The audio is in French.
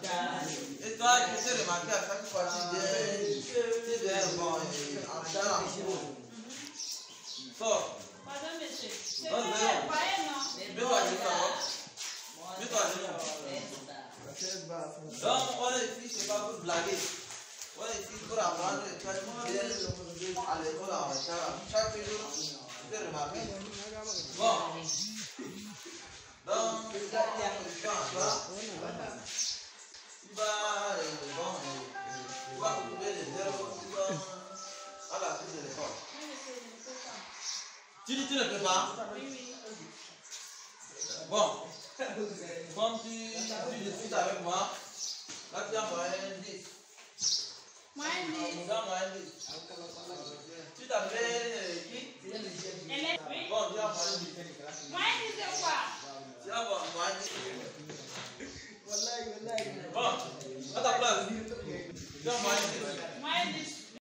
classe. Et toi, tu t'es remarqué à chaque fois, tu dis, bon, en talent. Fort. Pardon, monsieur. C'est pas non Mets-toi à Mets-toi à Donc, on est ici, c'est pas pour blaguer. On est ici pour apprendre, tu as dit, à l'école, en chaque jour, tu t'es remarqué. Bon. Donc, tu as dit, tu as Tu dis tu ne peux pas Oui, Bon, tu, discutes avec moi, là tu as moyen 10. Moyen Tu t'appelles euh, qui Bon, tu as moyen dire. quoi Tu as moyen Bon, à ta place, tu